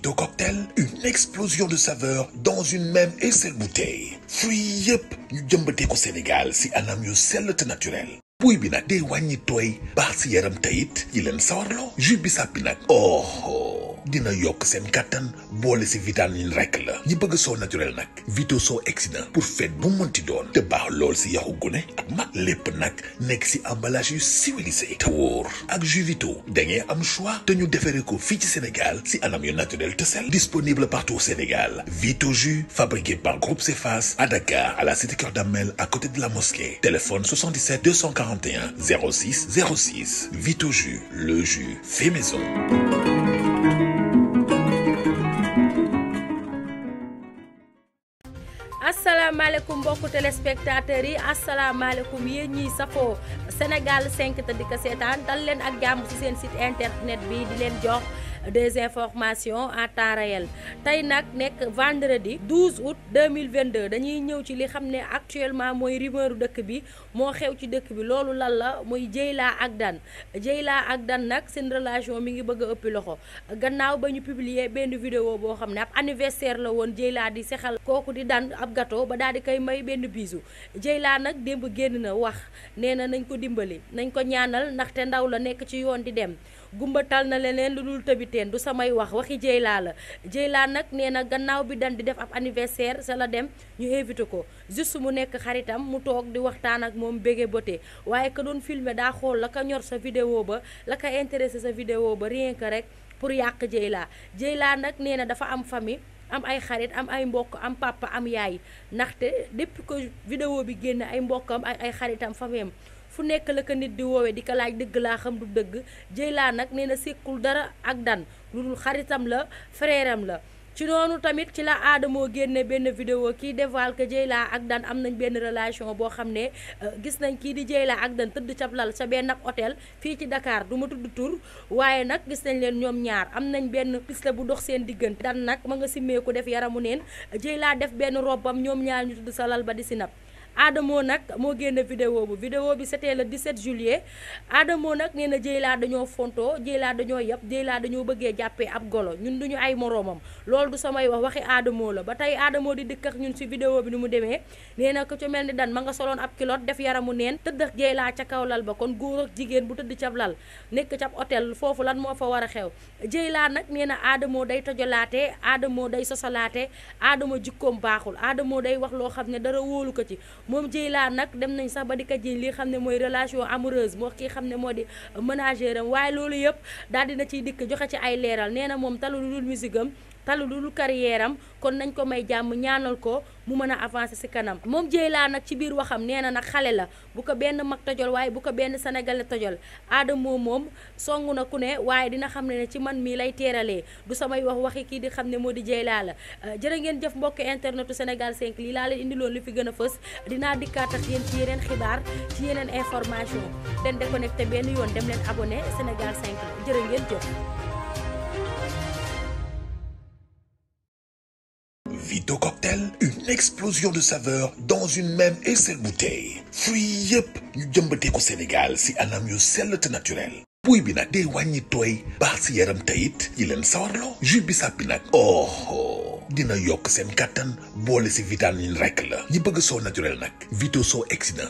Mojito Cocktail. Une explosion de saveurs dans une même et seule bouteille. Free yep, yëpp ñu jëmbatee ko Sénégal si anam yo sell naturel. buy bi nag day wàññi tooy baax si yaram tayit yi leen sawarloo jus bissap bi oh. oh dina yok sen katan vital, si vitamine rek la ñi bëgg so naturel nak vito soo accident pour fête bu monti doon te baax lool si yaxu gune ak mag lépp nag si emballage civilisé Tour. ak jus vito da am choix te ñu déféré ko fi ci Sénégal si anam yu naturel te sel disponible partout au Sénégal vito fabriqué par Groupe Cefas à Dakar à la cité cœur Damel à côté de la mosquée téléphone 77 241 06 06 vito jus le jus fait maison asalaamaaleykum mbokku téléspectateurs yi asalaamaaleykum yéen ñiy safoo Sénégal 5 te di seetaan dal leen ak jàmm ci seen site internet bi di leen jox. des informations en temps tey nag nekk vendredi 12 août 2022 dañuy ñëw ci li xam ne actuellement mooy rumeur dëkk bi moo xew ci dëkk bi loolu lan la mooy Dieyla ak Dan Dieyla ak Dan nag seen relation mi ngi bëgg a ëppi loxo gannaaw ba ñu publier benn vidéo boo xam ne ab anniversaire la woon Dieyla di sexal kooku di Dan ab gato ba daal di koy may benn bisu Dieyla nag démb génn na wax nee na nañ ko dimbali nañ ko ñaanal ndaxte ndaw la nekk ci yoon di dem gumba tal na leneen lu dul tëbiteen du samay wax waxi Dieyla la Dieyla nag nee na gannaaw bi dan di def ab anniversaire sa la dem ñu invité ko juste mu nekk xaritam mu toog di waxtaan ak moom bége bote waaye ko doon filmer daa xool la ka ñor sa vidéo ba la ka intéressé sa vidéo ba rien que rek pour yàq Dieyla Dieyla nag nee na dafa am famille am ay xarit am ay mbokk am papa am yaay ndaxte depuis ko vidéo bi génn ay mbokkam ak ay xaritam famille bu nekk la ko nit di woowee di ko laaj dëgg laa xam du dëgg Dieyla nag nee na sékkul dara ak Dan lu dul xaritam la frère la ci noonu tamit ci la aadamoo génne benn vidéo kii dévoile que laa ak Dan am nañ benn relation boo xam ne euh, gis nañ kii di Dieyla ak Dan tëdd ca sa benn ab hôtel fii ci ndakaar du ma tudd tur waaye nag gis nañ leen ñoom ñaar am nañ benn gis la bu dox seen diggante Dan nag ma nga simmeeku def yaramu neen laa def benn robbam ñoom ñaar ñu tudd sa ba di si nab Adamo nag moo génn vidéo bu video bi c'était le 17 juillet Adamo nag nee na Dieyla dañoo fontoo Dieyla dañoo yab Dieyla dañoo bëggee jàppee ab golo ñun duñu ay moroomam loolu du samay wax waxi Adamo la ba tey Adamo di dëkk ñun ci vidéo bi ni mu demee nee na ko ci mel ni dan ma nga soloon ab kilot def yaramu neen tëdd ak ca kaw lal ba kon góor ak jigéen bu tëdd cab lal nekk cab hôtel foofu lan moo fa war a xew Dieyla nag nee na Adamo day tojolaate Adamo day sosalaate Adamo jikkoom baaxul Adamo day wax loo xam ne dara wóolu ko ci moom jëy laa nag dem nañ sax ba di ko jiñ li xam ne mooy relation amoureuse moo kii xam ne moo di ménagère am waaye loolu yëpp daal dina ciy dikk joxe ci ay leeral nee na moom talu lu dul musique am talu lu carrière am kon nañ ko may jàmm ñaanal ko mu mën a avancer ci kanam moom Dieyla nag ci biir waxam nee na nag xale la bu ko benn mag tojol waaye bu ko benn sénégalais tojol Adamo moom songu na ku ne waaye dina xam ne ne ci man mii lay teeralee du samay wax waxi kii di xam ne moo di Dieyla la euh, jërë ngeen jëf mbokk internetu Sénégal 5 lii laa leen indiloon lu fi gën a fës dinaa dikkaat ak yéen ci yeneen xibaar ci yeneen information den déconnecté benn yoon dem leen Sénégal 5 jërë explosion de saveur dans une même et seule bouteille Free yep, nous ñu jëmbatee Sénégal si un yu naturel Poui bina nag day si yaram tayit yi leen oh. oh dina yok seen katan boole si vitamine rek la ñi bëgg so naturel nak Vito so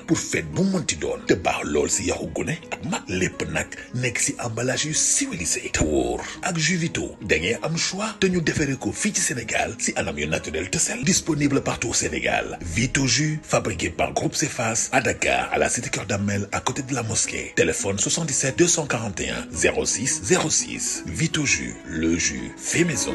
pour fête bu monti doon te baax lol si ya gune ak mag lépp nak nekk si emballage civilisé te tour ak jus Vito da am choix te ñu déféré ko fi ci Sénégal si anam yu naturel te sel disponible partout au Sénégal Vito jus fabriqué par Groupe Cefas à Dakar à la cité kordamel, Damel à côté de la mosquée téléphone 77 241 06 06 Vito jus le jus fait maison